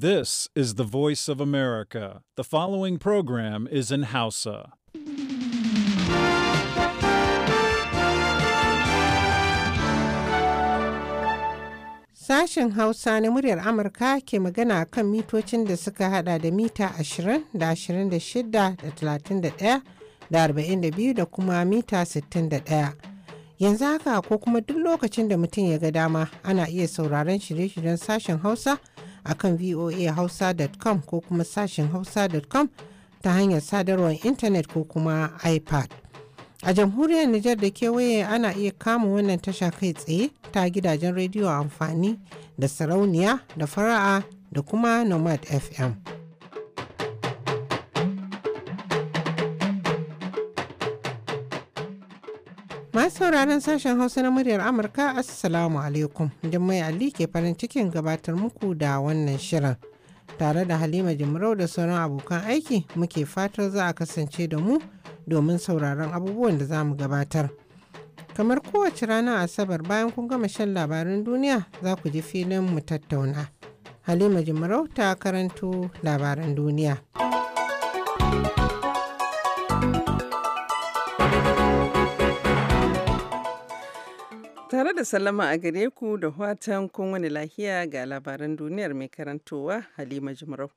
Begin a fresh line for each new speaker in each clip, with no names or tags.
This is the voice of America. The following program is in Hausa.
Sashen Hausa na muryar Amurka ke magana kan mitocin da suka hada da mita 20 da 26 da 31 da 42 da kuma mita 61. Yanzu haka ko kuma duk lokacin da mutum ya ga dama ana iya sauraron shirye-shiryen sashen Hausa akan voahausa.com ko kuma sashen hausa.com ta hanyar sadarwar intanet ko kuma ipad a jamhuriyar nijar da kewaye ana iya kama wannan tasha kai tsaye ta gidajen rediyo amfani da sarauniya da fara'a da kuma nomad fm Masu sauraron sashen Hausa na muryar Amurka Assalamu alaikum. Jummai Ali ke farin cikin gabatar muku da wannan shirin. Tare da Halima Jimrau da sauran abokan aiki muke fatar za a kasance da mu domin sauraron abubuwan da za mu gabatar. Kamar kowace rana Asabar bayan kun gama shan labarin duniya za ku ji filin mu tattauna. Halima Jimrau ta karanto labaran duniya.
Tare da sallama a gare ku da watan kun lahiya ga labaran duniyar mai karantowa Halima jimarau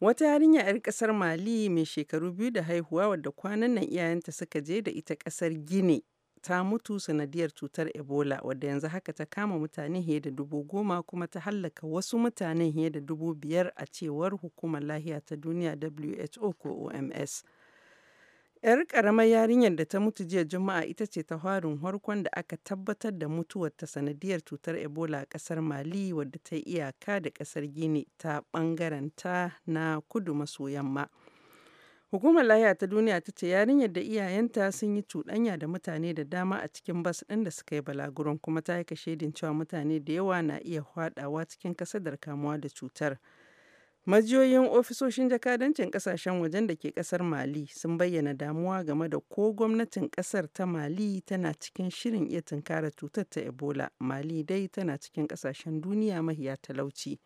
Wata yarinya 'yar kasar Mali mai shekaru biyu da haihuwa wadda kwanan nan iyayenta suka je da ita kasar Gini ta mutu sanadiyar cutar Ebola wadda yanzu haka ta kama mutane fiye da dubu goma kuma ta hallaka wasu mutane fiye da dubu biyar a cewar hukumar lahiya ta duniya WHO ko OMS. Yar karamar yarinyar da ta mutu jiya Juma'a ita ce ta harin harkon da aka tabbatar da mutuwar ta sanadiyar cutar Ebola a ƙasar Mali wadda ta yi iyaka da ƙasar Gini ta ta na kudu maso yamma. Hukumar Lahiya ta Duniya ta ce yarinyar da iyayenta sun yi cuɗanya da mutane da dama a cikin bas ɗin da suka yi balaguron kuma ta yi shaidin cewa mutane da yawa na iya faɗawa cikin kasadar kamuwa da cutar. Majiyoyin ofisoshin jakadancin kasashen wajen da ke kasar Mali sun bayyana damuwa game da ko gwamnatin kasar ta Mali tana cikin shirin iya tunkara cutar ta Ebola. Mali dai tana cikin kasashen duniya mahiya talauci.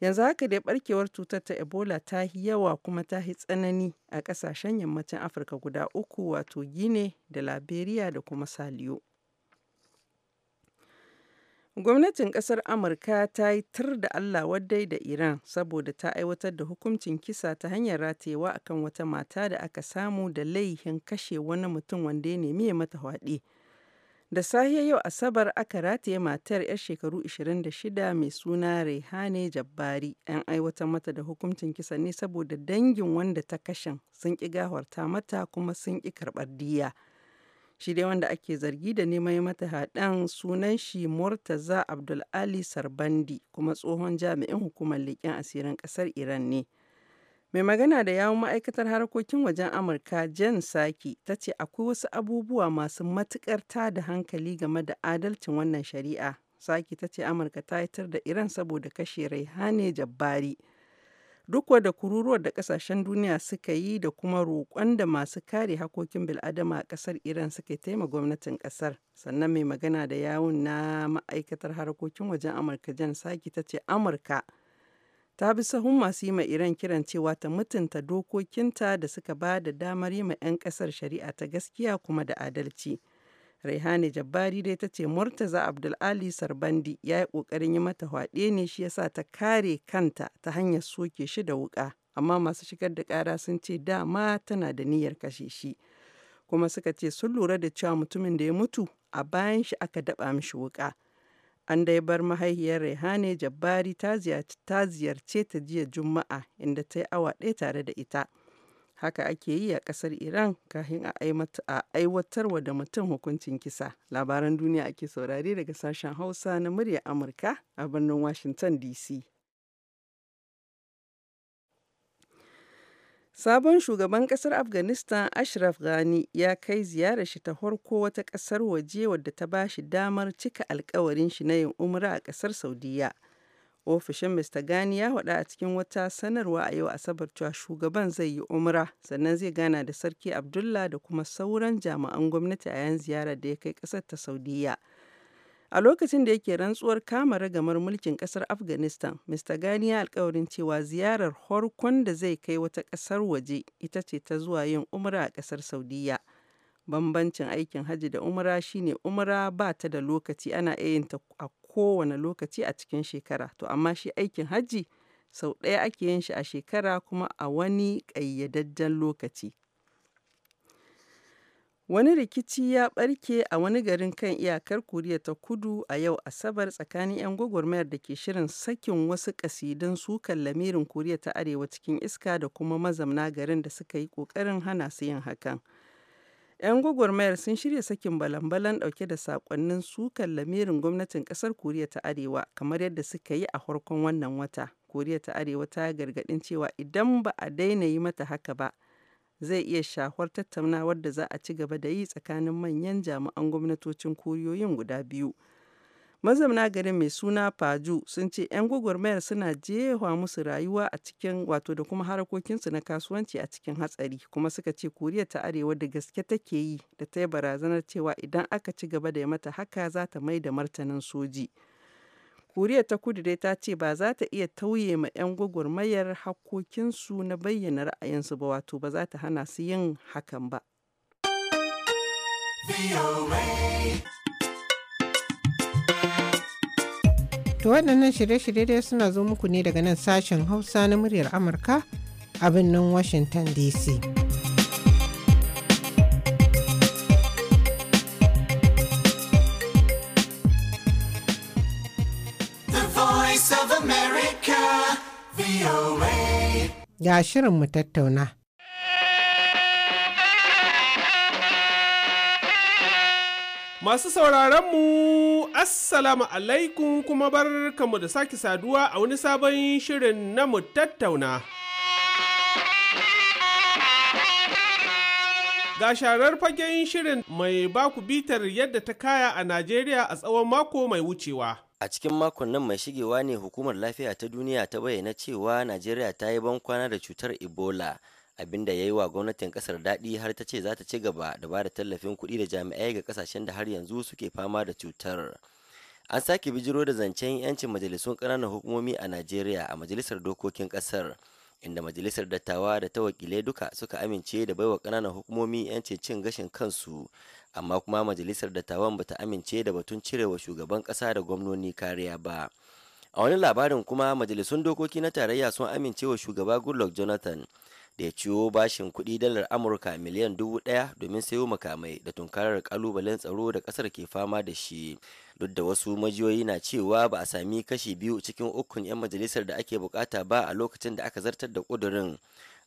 Yanzu haka dai barkewar cutar ta Ebola ta yi yawa kuma ta yi tsanani a kasashen yammacin Afirka guda uku wato gine da Liberia da kuma Saliyo. Gwamnatin ƙasar Amurka ta yi tur da Allah wadai da Iran saboda ta aiwatar da hukuncin kisa ta hanyar ratayewa akan wata mata da aka samu da laihin kashe wani mutum wanda ya nemi ya mata hwaɗe. Da sahiya yau Asabar aka rataye matar 'yar shekaru 26 mai suna Rehane Jabbari an aiwatar mata da hukuncin kisa ne saboda dangin wanda ta kashen sun ƙi gawarta mata kuma sun ƙi karɓar diya. Shi dai wanda ake zargi da neman mata haɗan sunan shi Murtaza abdul ali Sarbandi kuma tsohon jami'in hukumar leƙen asirin ƙasar Iran ne. Mai magana da yawun ma'aikatar harkokin wajen Amurka Jen Saki ta ce akwai wasu abubuwa masu matuƙar da hankali game da adalcin wannan shari'a. Saki ta ce Amurka ta da Iran saboda kashe Raihane Jabbari. duk da kururuwar da kasashen duniya suka yi da kuma roƙon da masu kare hakokin bil'adama a ƙasar Iran suka taima gwamnatin ƙasar. Sannan mai magana da yawun na ma'aikatar harkokin wajen Amurka Jan Saki ta ce Amurka ta bi sahun masu yi ma Iran kiran cewa ta mutunta dokokinta da suka ba da damar yi ma 'yan ƙasar shari'a ta gaskiya kuma da adalci. Raihani Jabbari dai ta ce Murtaza abdul ali Sarbandi ya yi ƙoƙarin yi mata hwaɗe ne shi yasa ta kare kanta ta hanyar soke shi da wuƙa, amma masu shigar da ƙara sun ce dama tana da niyyar kashe shi. Kuma suka ce sun lura da cewa mutumin da ya mutu a bayan shi aka daɓa mishi wuƙa. An dai bar mahaihiyar Rehane Jabbari ta ziyarce ta jiya Juma'a inda ta yi awa ɗaya tare da ita. Haka ake yi a ƙasar Iran kafin a aiwatarwa da mutum hukuncin kisa. Labaran duniya ake saurari daga sashen Hausa na murya Amurka a birnin Washington DC. Sabon shugaban kasar Afghanistan Ashraf Ghani ya kai ziyarar shi ta horko wata kasar waje wadda ta ba shi damar cika alkawarin shi na yin umra a kasar Saudiya. Ofishin Mr. Gani ya faɗa a cikin wata sanarwa a yau Asabar cewa shugaban zai yi Umra sannan zai gana da Sarki Abdullah da kuma sauran jami'an gwamnati a yan ziyarar da ya kai ƙasar ta Saudiyya. A lokacin da yake rantsuwar kama ragamar mulkin kasar Afghanistan, Mr. Gani ya alkawarin cewa ziyarar horkon da zai kai wata kasar waje ita ce ta zuwa yin umra a kasar Saudiya. Bambancin aikin hajji da umra shine umra ba ta da lokaci ana yin ta a kowane lokaci a cikin shekara. To amma shi aikin hajji sau ɗaya ake yin shi a shekara kuma a wani ƙayyadajjen lokaci. Wani rikici ya ɓarke a wani garin kan iyakar Koriya ta Kudu a yau Asabar tsakanin 'yan gwagwarmayar da ke shirin sakin wasu ƙasidun sukan lamirin Koriya ta Arewa cikin iska da kuma mazamna garin da suka yi ƙoƙarin hana su yin hakan. 'Yan gwagwarmayar sun shirya sakin balan-balan ɗauke da sakonnin sukan lamirin gwamnatin ƙasar Koriya ta Arewa kamar yadda suka yi a farkon wannan wata. Koriya ta Arewa ta gargadin cewa idan ba a daina yi mata haka ba, zai iya shafar tattaunawar da za a ci gaba da yi tsakanin manyan jami'an gwamnatocin Koriyoyin guda biyu. Mazauna garin mai suna paju sun ce 'yan gwagwarmayar suna jefa musu rayuwa a cikin wato da kuma harkokinsu na kasuwanci a cikin hatsari kuma suka ce Koriya ta Arewa da gaske take yi da ta yi barazanar cewa idan aka ci gaba da mata haka za ta mai da martanin soji. Koriya ta Kudu dai ta ce ba za ta iya tauye ma 'yan gwagwarmayar hakokinsu na bayyana ra'ayinsu ba wato ba za ta hana su yin hakan ba.
To waɗannan shirye-shirye dai suna zo muku ne daga nan sashen Hausa na muryar Amurka a birnin Washington DC. Ga shirin mu tattauna.
Masu sauraronmu, Assalamu alaikum kuma bar kamu da sake saduwa a wani sabon shirin na mu tattauna. Ga sharar fagen shirin mai baku bitar yadda ta kaya a Najeriya a tsawon mako mai wucewa. A cikin makon nan mai shigewa ne hukumar lafiya ta duniya ta bayyana
cewa Najeriya ta yi bankwana da cutar Ebola. Abin da ya yi wa gwamnatin kasar daɗi har ta ce za ta ci gaba da ba da tallafin kuɗi da jami'ai ga kasashen da har yanzu suke fama da cutar an sake bijiro da zancen yancin majalisun ƙananan hukumomi a najeriya a majalisar dokokin ƙasar inda majalisar dattawa da ta wakilai duka suka amince da baiwa ƙananan hukumomi yancin cin gashin kansu amma kuma majalisar dattawan bata amince da batun cirewa shugaban ƙasa da gwamnoni kariya ba a wani labarin kuma majalisun dokoki na tarayya sun amince wa shugaba goodluck jonathan da ya ciwo bashin kuɗi dalar amurka miliyan dubu ɗaya domin sayo makamai da tunkarar kalubalen tsaro da ƙasar ke fama da shi duk da wasu majiyoyi na cewa ba a sami kashi biyu cikin ukun 'yan majalisar da ake bukata ba a lokacin da aka zartar da ƙudurin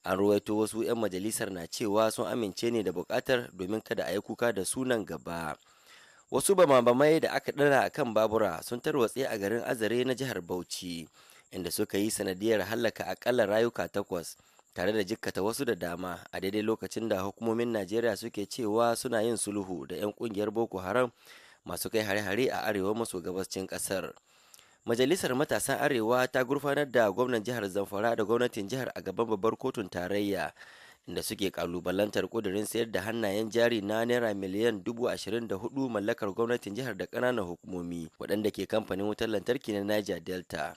an ruwaito wasu 'yan majalisar na cewa sun amince ne da bukatar domin kada a yi kuka da sunan gaba wasu bamabamai da aka ɗara a kan babura sun tarwatse a garin azare na jihar bauchi inda suka yi sanadiyar hallaka akalla rayuka takwas tare da jikkata wasu da dama a daidai lokacin da hukumomin najeriya suke cewa suna yin sulhu da 'yan kungiyar boko haram masu kai hare-hare a arewa maso gabascin kasar majalisar matasan arewa ta gurfanar da gwamnan jihar zamfara da gwamnatin jihar a gaban babbar kotun tarayya da suke kalubalantar kudirin sayar da hannayen jari na naira miliyan dubu ashirin da hudu mallakar gwamnatin jihar da ƙananan hukumomi waɗanda ke kamfanin wutar lantarki na niger delta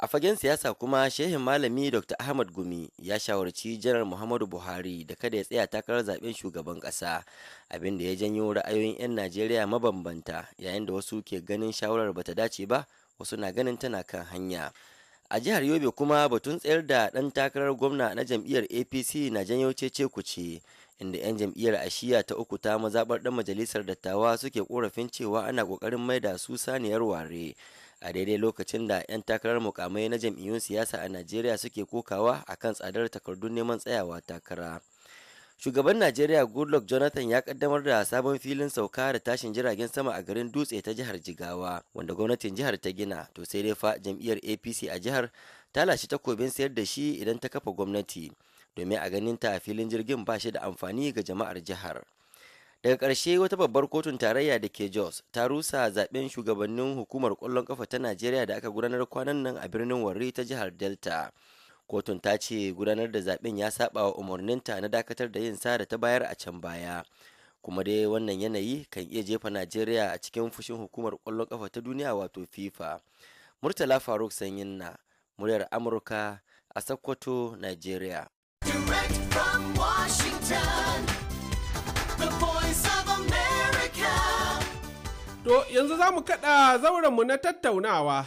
A fagen siyasa kuma shehin malami Dr. Ahmad Gumi ya shawarci Janar Muhammadu Buhari da kada ya tsaya takarar zaben shugaban kasa, abin da ya janyo ra'ayoyin 'yan Najeriya mabambanta yayin da wasu ke ganin shawarar bata dace ba, wasu na ganin tana kan hanya. A jihar Yobe kuma batun tsayar da dan takarar gwamna na jam'iyyar APC na janyo cece kuce, inda 'yan jam'iyyar Ashiya ta uku ta mazaɓar ɗan majalisar dattawa suke korafin cewa ana ƙoƙarin maida su saniyar ware. a daidai lokacin da 'yan takarar mukamai na jam'iyyun siyasa a najeriya suke kokawa a kan tsadar takardun neman tsayawa takara shugaban najeriya goodluck jonathan ya kaddamar da sabon filin sauka da tashin jiragen sama a garin dutse ta jihar jigawa wanda gwamnatin jihar ta gina to sai dai fa jam'iyyar apc a jihar ta lashe takobin sayar da shi idan ta kafa gwamnati domin a ganin ta filin jirgin ba shi da amfani ga jama'ar jihar daga ƙarshe wata babbar kotun tarayya da ke jos ta rusa zaɓen shugabannin hukumar ƙwallon ƙafa ta najeriya da aka gudanar kwanan nan a birnin warri ta jihar delta kotun ta ce gudanar da zaɓen ya saba wa umarninta na dakatar da yin sa da ta bayar a can baya kuma dai wannan yanayi kan iya jefa najeriya a cikin fushin hukumar ƙwallon ƙafa ta duniya wato fifa murtala faruk sanyin na muryar amurka a sokoto najeriya
To yanzu za mu kaɗa zaurenmu na tattaunawa.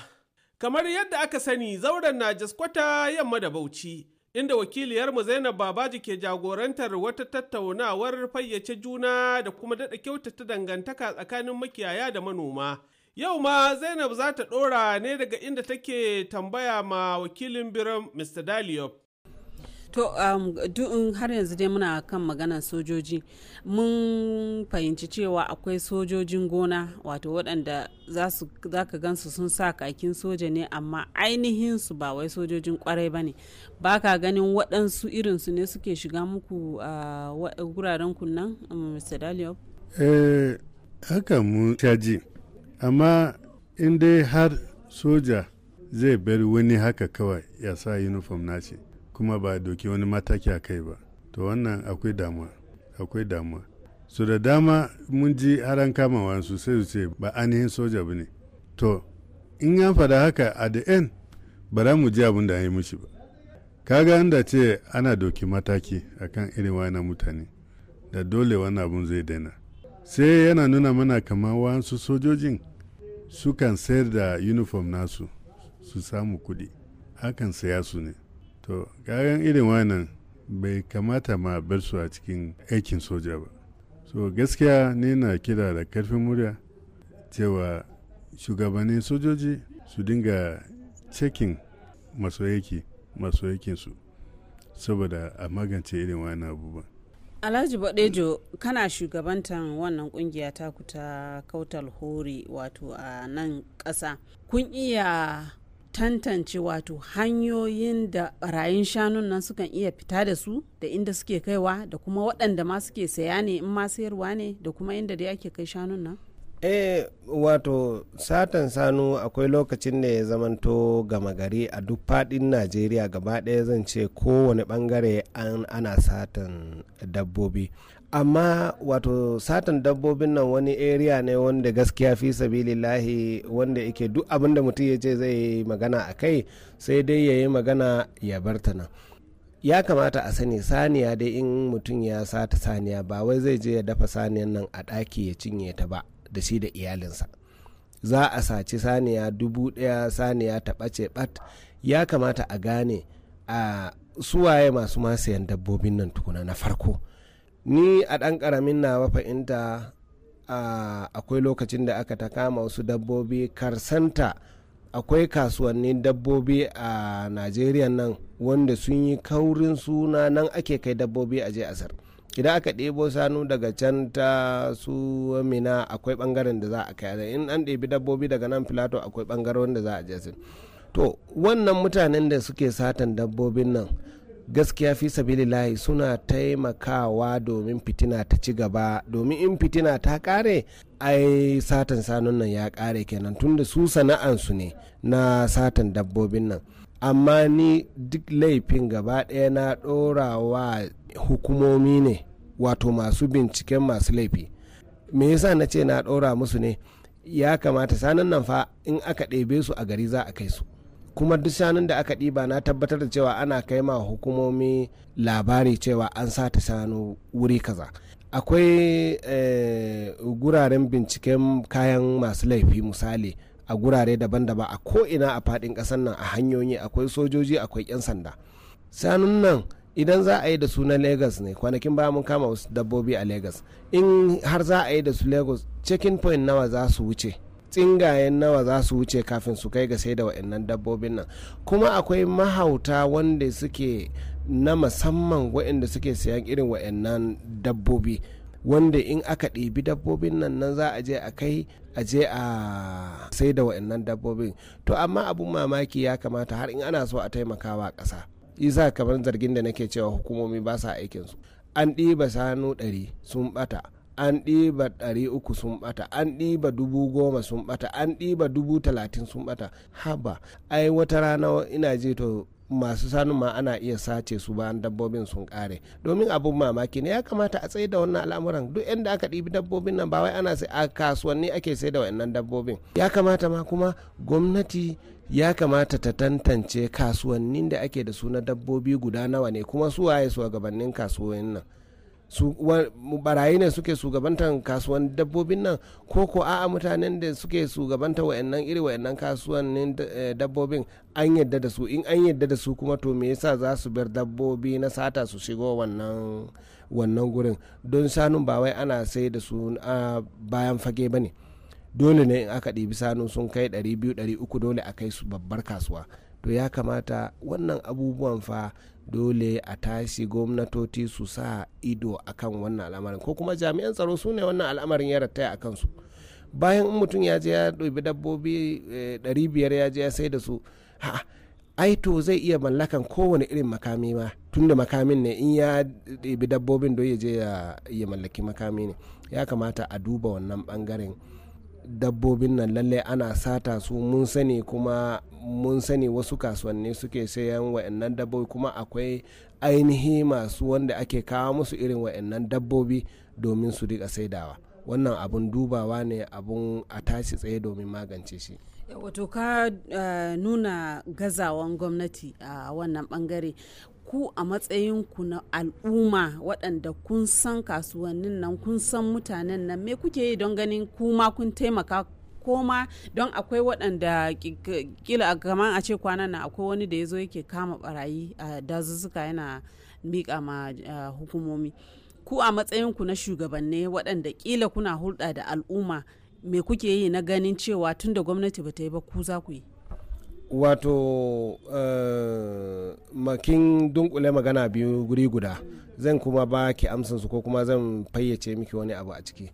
Kamar yadda aka sani zauren na jaskwata yamma da bauchi, inda wakiliyarmu Zainab Babaji ke jagorantar wata tattaunawar fayyace juna da kuma daɗa kyautata dangantaka tsakanin makiyaya da manoma. Yau ma Zainab za ta ɗora ne daga inda take tambaya ma wakilin biran Mr. Daliop.
to um, har yanzu dai muna kan maganar sojoji mun fahimci cewa akwai sojojin gona wato waɗanda za ka gansu sun sa kakin soja ne amma ainihin su ba wai sojojin kwarai ba ne ba ka ganin waɗansu irinsu ne suke shiga muku a wuraren kunnan mr um, daliop
eh haka mu caji amma in dai har soja zai bar wani haka kawai ya sa uniform nashi kuma ba doki wani mataki a kai ba to wannan akwai damuwa akwai damuwa su da dama mun ji har an kama wasu sai su ce ba ainihin soja ba ne to in an fada haka a da 'yan ba za mu ji abin da an yi mushi ba kaga inda ce ana doki mataki akan irin wani mutane da dole wani abun zai daina sai yana nuna mana kama wasu sojojin sukan sayar da uniform nasu su samu kuɗi hakan saya su ne to kayan irin wannan bai kamata ma bar su a cikin aikin soja ba so gaskiya ne na kira da karfin murya cewa shugabannin sojoji su dinga cekin masu aikinsu saboda a magance irin wannan abubuwan
alhaji baɗejo kana shugabantan wannan kungiya ta kuta kautal hori wato a nan ƙasa kun iya tantance wato hanyoyin da rayun shanun nan sukan iya fita da su da inda suke kaiwa da kuma waɗanda ma suke saya ne in ma sayarwa ne da kuma inda da ake kai shanun nan
eh wato satan sanu akwai lokacin da ya zamanto gama gari a duk fadin najeriya gaba ɗaya zan ce kowane bangare an ana satan dabbobi amma wato satan dabbobin nan wani area ne wanda gaskiya fi sabilillahi wanda yake duk abin da mutum ya ce zai magana a kai sai dai ya yi magana ya bar ta nan ya kamata a sani saniya dai in mutum ya sata saniya ba wai zai je ya dafa saniyan nan a ɗaki ya cinye ta ba da shi da iyalinsa za a saci saniya dubu ɗaya saniya ta ɓace ɓat ya kamata a gane a suwaye masu masayan dabbobin nan tukuna na farko ni a ɗan ƙaramin na fahimta akwai lokacin da aka ta kama wasu dabbobi karsanta akwai kasuwannin dabbobi a najeriya nan wanda sun yi kaurin suna nan ake kai dabbobi a je asar idan aka ɗebo sanu daga can ta su mina akwai ɓangaren da za a kai in an ɗebi dabbobi daga nan filato akwai ɓangaren da za a je to wannan mutanen da suke satan dabbobin nan gaskiya fi sabilillahi suna taimakawa domin fitina ta ci gaba domin in fitina ta kare ai satan sanun nan ya kare kenan tunda su sana'ansu ne na satan dabbobin nan amma ni duk laifin gaba ɗaya na ɗora wa hukumomi ne wato masu binciken masu laifi me yasa na ce na ɗora musu ne ya kamata sanan nan fa in aka ɗebe su a gari za a kai su kuma duk shanun da aka ɗiba na tabbatar da cewa ana kai ma hukumomi labari cewa an sata shanu wuri kaza akwai eh, guraren binciken kayan masu laifi misali a gurare daban-daban a ko ina a faɗin ƙasar nan a hanyoyi akwai sojoji akwai 'yan sanda sanun nan idan za a yi da su na lagos ne kwanakin ba mun kama wasu dabbobi a lagos in har za a yi da su lagos checking point nawa za su wuce tsingayen nawa za su wuce kafin su kai ga sai da waɗannan dabbobin nan kuma akwai mahauta wanda suke na musamman waɗanda suke sayan irin waɗannan dabbobi wanda in aka ɗibi dabbobin nan nan za a je a kai a je a sai da waɗannan dabbobin to amma abun mamaki ya kamata har in ana so a taimakawa ƙasa isa kamar zargin da nake cewa hukumomi ba sa aikinsu an ɗiba sanu ɗari sun ɓata an ɗiba ɗari uku sun ɓata an ɗiba dubu goma sun ɓata an ɗiba dubu talatin sun ɓata haba ai wata rana ina je to masu sanin ma ana iya sace su bayan dabbobin sun kare domin abun mamaki ne ya kamata a tsaye da wannan al'amuran duk inda aka ɗibi dabbobin nan ba wai ana sai a kasuwanni ake sai da wa'annan dabbobin ya kamata ma kuma gwamnati ya kamata ta tantance kasuwannin da ake da su na dabbobi guda nawa ne kuma su waye su gabanin kasuwannin nan barayi ne suke shugabantar kasuwan dabbobin nan ko ko a'a mutanen da suke shugabanta wa'annan iri wa'annan kasuwannin eh, dabbobin an yadda da su in an yadda da su kuma to me yasa za su bar dabbobi na sata su shigo wannan wannan gurin don shanun ba wai ana sai da su bayan fage bane ne dole ne in aka ɗibi sanu sun kai 200-300 dole a kai su babbar kasuwa to ya kamata wannan abubuwan fa dole a tashi gwamnatoci su sa ido akan wannan al'amarin ko kuma jami'an tsaro su ne wannan al'amarin ya rattaya a kansu bayan in mutum ya je ya ɗobi dabbobi 500 eh, ya je ya sai da su ha ai to zai iya mallakan kowane irin makami ma tunda makamin ne in ya ɗebi dabbobin don ya je ya mallaki makami ne ya kamata a duba wannan bangaren dabbobin nan lallai ana sata su mun sani kuma mun sani wasu kasuwanni suke sayan wa'annan dabbobi kuma akwai ainihi masu wanda ake kawo musu irin wa'annan dabbobi domin su riƙa saidawa wannan abun dubawa ne abun a tashi tsaye domin magance shi
wato ka eh, nuna gazawan gwamnati a wannan bangare ku a matsayinku na al'umma waɗanda kun san kasuwannin nan kun san mutanen nan me kuke yi don ganin kuma kun taimaka koma don akwai waɗanda kila kamar a ce kwanan nan akwai wani da ya zo yake kama barayi a dazuzzuka yana miƙa ma hukumomi ku a matsayinku na shugabanni waɗanda kila kuna hulɗa da al'umma me kuke yi na ganin cewa tunda gwamnati ba ta yi ba ku za ku yi
wato eh, makin dunkule magana biyu guri guda zan kuma ba ki amsansu ko kuma zan fayyace miki wani abu a ciki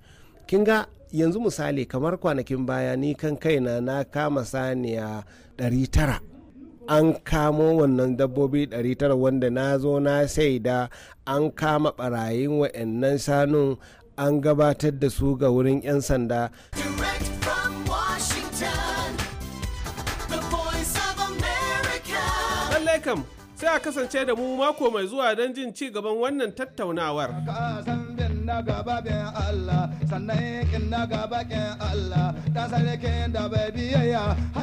kin ga yanzu misali kamar kwanakin baya ni kan kaina na kama saniya 900 an kamo wannan dabbobi 900 wanda na zo na saida an kama barayin wa'annan shanun an gabatar da su ga wurin 'yan sanda
kam sai a kasance da mu mako mai zuwa don jin ci gaban wannan tattaunawar.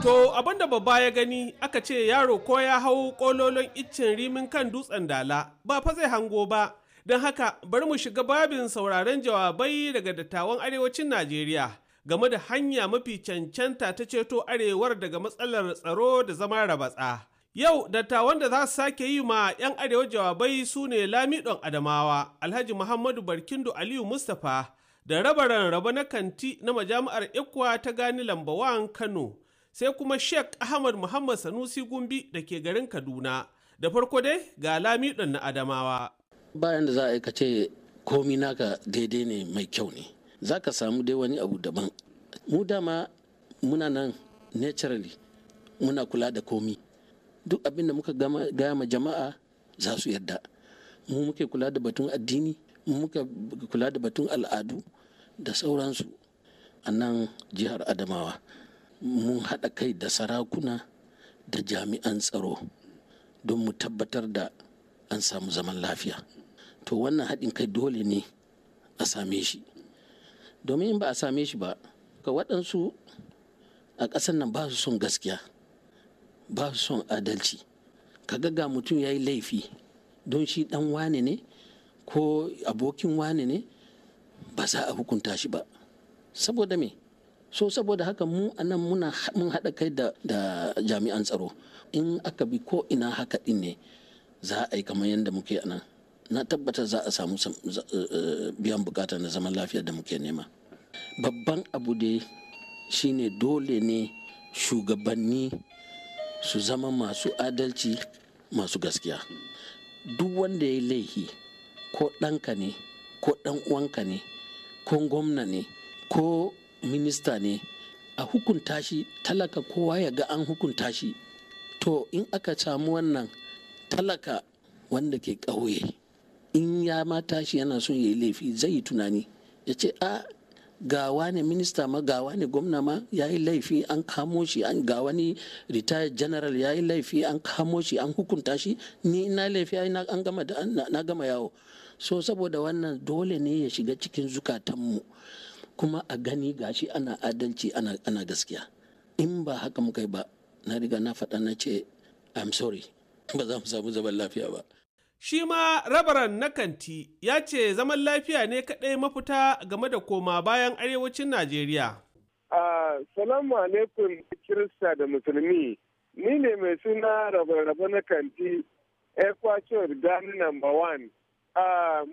To abinda babba ya gani aka ce yaro ko ya hau kololon iccen rimin kan dutsen dala ba fa zai hango ba. Don haka bari mu shiga babin sauraron jawabai daga dattawan arewacin Najeriya game da hanya mafi cancanta ta ceto arewar daga matsalar tsaro da zama rabatsa. Yau dattawan da za su sake yi ma 'yan arewa jawabai su ne Lamidon Adamawa, Alhaji Muhammadu barkindu Aliyu Mustapha da rabaran raba na kanti na majami'ar Ikwa ta gani lambawan Kano, sai kuma Sheikh Ahmad Muhammad Sanusi Gumbi da ke garin Kaduna. Da farko dai ga Lamidon na Adamawa.
Bayan da za a aikace komi naka daidai ne mai kyau ne. Za ka samu dai wani abu daban. Mu dama muna nan naturally muna kula da komi. duk abin da muka gaya ma jama'a za su yarda mu muke kula da batun addini mu muke kula da batun al'adu da sauransu a nan jihar adamawa mun haɗa kai da sarakuna da jami'an tsaro don mu tabbatar da an samu zaman lafiya to wannan haɗin kai dole ne a same shi domin in ba a same shi ba ka waɗansu a ƙasar nan ba su son gaskiya ba su son adalci ka ga mutum ya yi laifi don shi dan wane ne ko abokin wane ne ba za a hukunta shi ba saboda me so saboda haka mu anan muna mun haɗa kai da, da jami'an tsaro in aka bi ko ina haka din ne za a yi kamar yadda muke anan na tabbata za a samu eh, eh, biyan bukata na zaman lafiya da muke nema babban abu dai shine dole ne shugabanni su zama masu adalci masu gaskiya duk wanda ya yi laihi ko ɗanka ne ko ɗan uwanka ne ko gwamna ne ko minista ne a hukunta shi talaka kowa ya ga an hukunta shi to in aka samu wannan talaka wanda ke ƙauye in ya ma tashi yana son ya yi laifi zai yi tunani ya ce a ah, gawa ne minista ma gawa ne gwamna ma ya yi laifi an kamo shi an ga wani retired general ya yi laifi an kamo shi an hukunta shi ni na laifi an gama na gama yawo so saboda wannan dole ne ya shiga cikin zukatanmu kuma a gani gashi ana adalci ana, gaskiya in ba haka muka yi ba na riga na faɗa na ce i'm sorry ba za mu samu zaman lafiya ba
Shi ma rabaran na kanti ya ce zaman lafiya ne kaɗai mafita game da koma bayan arewacin Najeriya. Salamu
alaikum Kirista da Musulmi, ni ne mai suna rabe-rabe na kanti Equator Gani number one.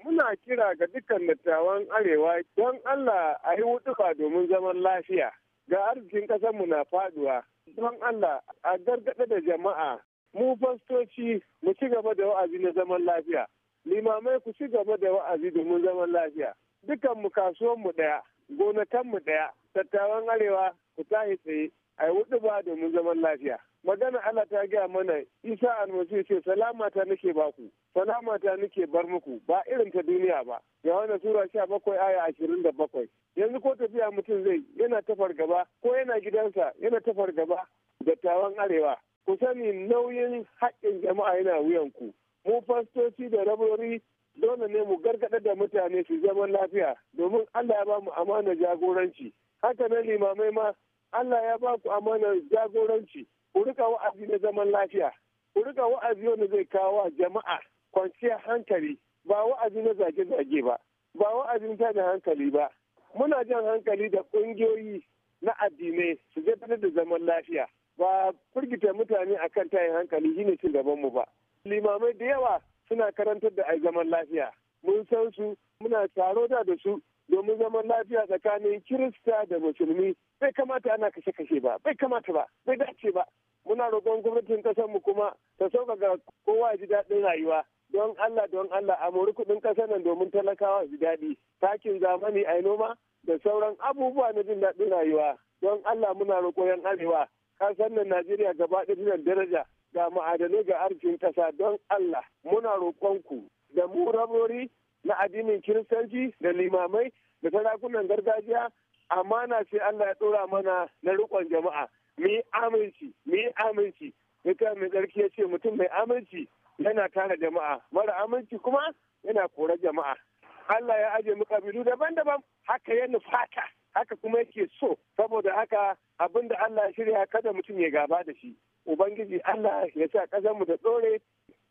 Muna kira ga dukkan dattawan Arewa don Allah a yi wutuka domin zaman lafiya. Ga arzikin ƙasarmu na faduwa, don Allah a gargaɗa da jama'a mu fastoci mu ci gaba da wa'azi na zaman lafiya limamai ku ci gaba da wa'azi domin zaman lafiya dukan mu kasuwan mu daya gonakan mu daya tattawan arewa ku tahi tsaye ai wudu ba domin zaman lafiya magana Allah ta gaya mana Isa almasihu ce salama ta nake ku. salama ta nake bar muku ba irin ta duniya ba Yohana sura bakwai aya ashirin da bakwai. yanzu ko tafiya mutum zai yana tafar gaba. ko yana gidansa yana ta fargaba dattawan arewa ku sani nauyin haƙƙin jama'a yana wuyanku mu fastoci da rabori dole ne mu gargaɗa da mutane su zaman lafiya domin allah ya ba mu amana jagoranci haka ne, limamai ma allah ya ba ku amana jagoranci ku rika wa'azi na zaman lafiya ku rika wa'azi wanda zai kawo jama'a kwanciyar hankali ba wa'azi na zage-zage ba ba wa'azin ta da hankali ba muna jan hankali da ƙungiyoyi na addinai su zai da zaman lafiya ba firgita mutane a akan tayin hankali shine cin gaban mu ba limamai da yawa suna karantar da ai zaman lafiya mun san su muna taro da da su domin zaman lafiya tsakanin kirista da musulmi bai kamata ana kashe kashe ba bai kamata ba bai dace ba muna roƙon gwamnatin ƙasar mu kuma ta sauƙaƙa kowa ji daɗin rayuwa don Allah don Allah a mori kuɗin ƙasar nan domin talakawa ji daɗi takin zamani ai noma da sauran abubuwa na jin daɗin rayuwa don Allah muna roƙon yan arewa san nan Najeriya gaba ɗaya daraja ga ma'adanai ga arzikin ƙasa don Allah muna roƙonku da mu rabori na addinin kiristanci da limamai da sarakunan gargajiya amana sai Allah ya ɗora mana na rikon jama'a mu yi aminci mu yi aminci duka mai tsarki ya ce mutum mai aminci yana tara jama'a mara aminci kuma yana kora jama'a Allah ya ajiye mu kabilu daban-daban haka ya nufata haka kuma yake so saboda haka abin da Allah ya shirya kada mutum ya gaba da shi ubangiji Allah ya sa mu da tsore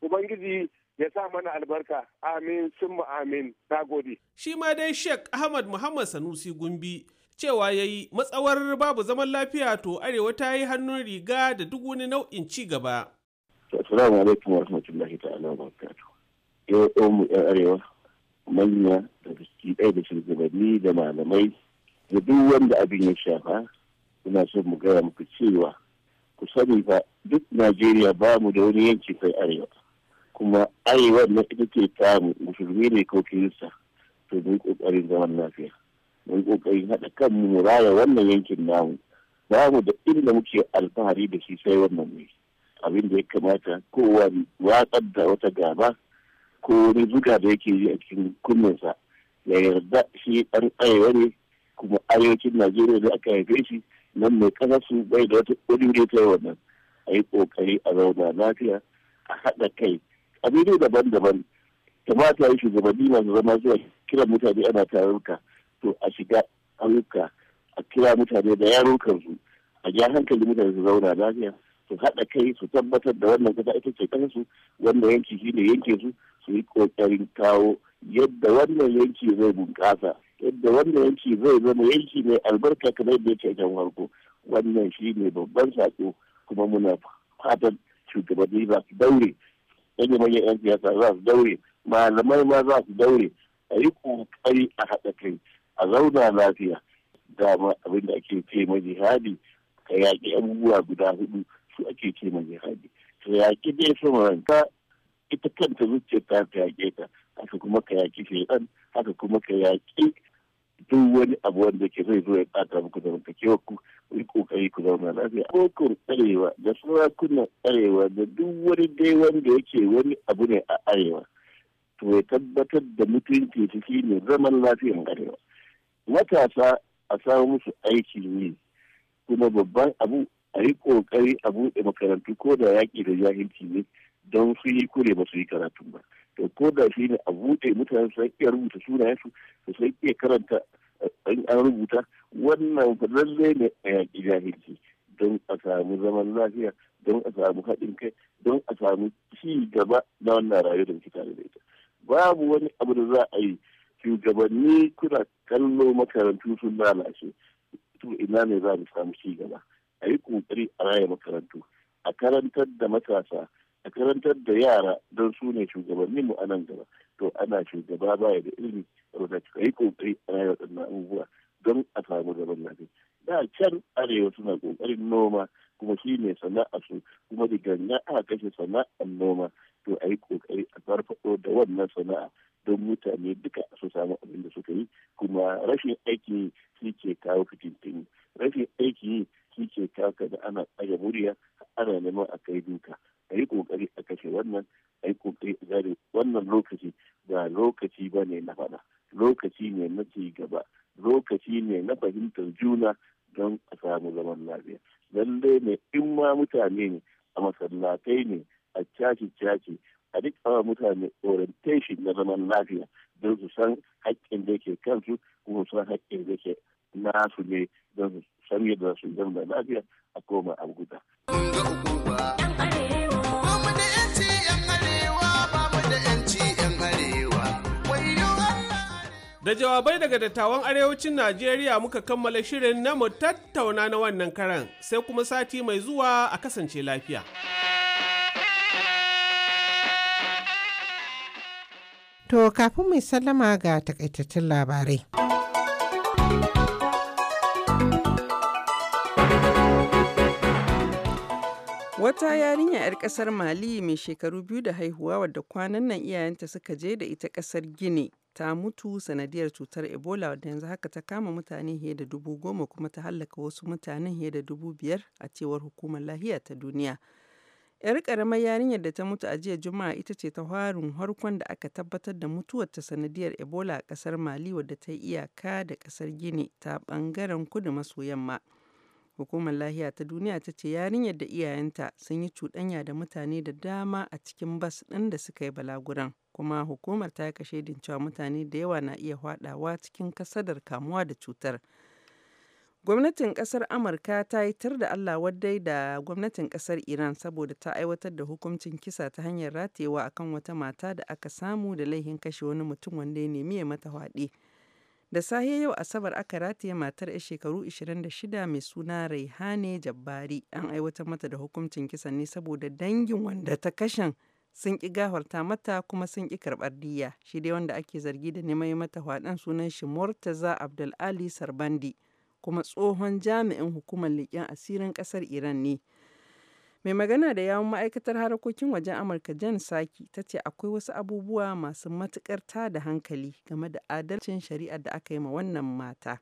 ubangiji ya sa mana albarka amin mu amin na gode
shi ma dai Sheikh Ahmad Muhammad Sanusi Gumbi cewa yayi yi matsawar babu zaman lafiya to arewa ta yi hannun riga da duk wani nau'in ci gaba. Assalamu alaikum wa rahmatullahi ta'ala wa barakatuh. Yau mu yan arewa manya da biki ɗaya
da shugabanni da malamai da duk wanda abin ya shafa ina so mu gaya muku cewa ku sani ba duk najeriya ba mu da wani yanki kai arewa kuma arewa na ita ke tamu musulmi ne ko kirista to mun kokari zaman lafiya mun kokari haɗa kanmu mu raya wannan yankin namu ba mu da inda muke alfahari da shi sai wannan ne abin da ya kamata kowa watsar da wata gaba ko wani zuga da yake yi a cikin kunnensa ya yarda shi ɗan arewa ne kuma arewacin najeriya da aka haife shi nan mai kasa su bai da wata kudin da ta wannan a yi kokari a zauna lafiya a haɗa kai abinai daban-daban kamata yi shugabanni masu zama zuwa kira mutane ana tarurruka to a shiga ayyuka a kira mutane da su a ja hankali mutane su zauna lafiya su haɗa kai su tabbatar da wannan kasa ita ce kansu wannan yanki shine yanke su su yi kokarin kawo yadda wannan yanki zai bunƙasa yadda wanda yanki zai zama yanki mai albarka kamar yadda yake can farko wannan shi ne babban saƙo kuma muna fatan shugabanni za su daure yanke manyan yan siyasa za su daure malamai ma za su daure a yi kokari a haɗa kai a zauna lafiya dama abinda ake ce ma jihadi ka yaƙi abubuwa guda hudu su ake ce ma jihadi ka yaƙi dai sun ita kanta zuciyar ta yaƙe ta haka kuma ka yaƙi shaidan haka kuma ka yaƙi duk wani abu wanda ke zai zo ya ɓata muku ke ku yi ƙoƙari ku zauna lafiya. Bokon arewa da sarakunan arewa da duk wani dai wanda yake wani abu ne a arewa. To ya tabbatar da mutunci ciki ne zaman lafiyan arewa. Matasa a samu musu aiki ne kuma babban abu a yi ƙoƙari a buɗe makarantu ko da yaƙi da jahilci ne don su yi kure ba su yi karatu ba. to ko da shi ne a bude mutane su iya rubuta sunayensu su sai iya karanta eh, an rubuta wannan lallai ne a yaƙi jahilci don a samu zaman lafiya don a samu haɗin kai don a samu ci gaba na wannan rayuwar da muke tare da ita babu wani abu da za a yi shugabanni kuna kallo makarantu sun lalace to ina ne za mu samu ci gaba a yi ƙoƙari a raya makarantu a karantar da matasa a karantar da yara don su ne shugabanninmu a nan gaba to ana shugaba baya da ilimi saboda ta yi kokari a rayuwar waɗannan abubuwa don a samu zaman lafiya da can arewa suna kokarin noma kuma shi ne sana'a su kuma da ganga aka kashe sana'ar noma to a yi kokari a farfaɗo da wannan sana'a don mutane duka su samu abin da suka yi kuma rashin aiki shi ke kawo fitintini rashin aiki shi ke kawo kada ana tsaye murya ana neman a kai duka a yi kokari a kashe wannan a yi kokari a gane wannan lokaci ba lokaci ba ne na faɗa lokaci ne na ci gaba lokaci ne na fahimtar juna don a samu zaman lafiya lalle ne in ma mutane ne a masallatai ne a caci caci a duk awa mutane orientation na zaman lafiya don su san haƙƙin da ke kansu kuma su san haƙƙin da ke nasu ne don su da su zama lafiya a koma a
Da jawabai daga dattawan arewacin Najeriya muka kammala shirin na mu tattauna na wannan karan sai kuma sati mai zuwa a kasance lafiya.
To kafin mai sallama ga takaitattun labarai.
Wata yarinya 'yar ƙasar Mali mai shekaru biyu da haihuwa wadda kwanan nan iyayenta suka je da ita ƙasar Gini ta mutu sanadiyar cutar Ebola wadda yanzu haka ta kama mutane fiye da dubu goma kuma ta hallaka wasu mutanen fiye da dubu biyar a cewar hukumar lahiya ta duniya. 'Yar ƙaramar yarinyar da ta mutu a jiya Juma'a ita ce ta harin harkon da aka tabbatar da mutuwar ta sanadiyar Ebola a kasar Mali wadda ta yi iyaka da ƙasar Gini ta ɓangaren kudu maso yamma. Hukumar Lahiya ta Duniya ta ce yarinyar da iyayenta sun yi cuɗanya da mutane da dama a cikin bas ɗin da suka yi balaguran, kuma hukumar ta kashe din cewa mutane da yawa na iya faɗawa cikin kasadar kamuwa da cutar. Gwamnatin ƙasar Amurka ta yi tar da Allah waddai da gwamnatin ƙasar Iran saboda ta aiwatar da hukuncin kisa ta hanyar ratewa akan wata mata da aka samu da laihin kashe wani mutum wanda ya nemi ya mata haɗe. Da sahe yau Asabar aka rataye matar 'ya shekaru 26 mai suna Raihane Jabbari an aiwatar mata da hukuncin kisan ne saboda dangin wanda ta kashen sun ki gafarta mata kuma sun ki karɓar diyya. Shi dai wanda ake zargi da neman mata hwaɗan sunan shi Murtaza Abdul Ali Sarbandi kuma tsohon jami'in hukumar leƙen asirin ƙasar Iran ne. Mai magana da yawun ma'aikatar harkokin wajen Amurka jan saki ta ce akwai wasu abubuwa masu matuƙar da hankali game da adalcin shari'ar da aka yi ma wannan mata.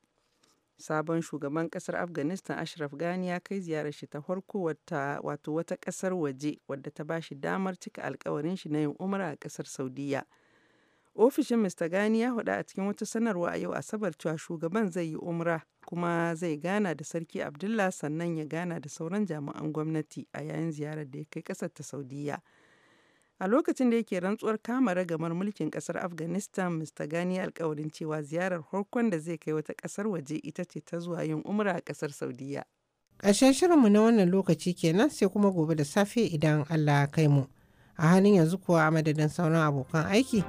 Sabon shugaban kasar Afghanistan Ashraf Ghani ya kai ziyarar shi ta farko wato wata kasar waje wadda ta ba shi damar cika alkawarin shi na yin umara a kasar Saudiya. Ofishin Mr. Gani ya hudu a cikin wata sanarwa a yau Asabar cewa shugaban zai yi umra kuma zai gana da Sarki Abdullah sannan ya gana da sauran jami'an gwamnati a yayin ziyarar da ya kai ƙasar ta Saudiyya. A lokacin da yake rantsuwar kama ragamar mulkin kasar Afghanistan, Mr. Gani alkawarin cewa ziyarar farkon da zai kai wata kasar waje ita ce ta zuwa yin umra a kasar Saudiya.
Ƙarshen shirinmu na wannan lokaci kenan sai kuma gobe da safe idan Allah ya kai mu. a halin yanzu kuwa a madadin sauran abokan aiki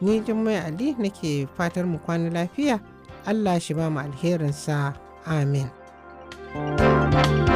ni jummai ali nake fatar mu kwana lafiya allah shi ba mu alherinsa amin thank you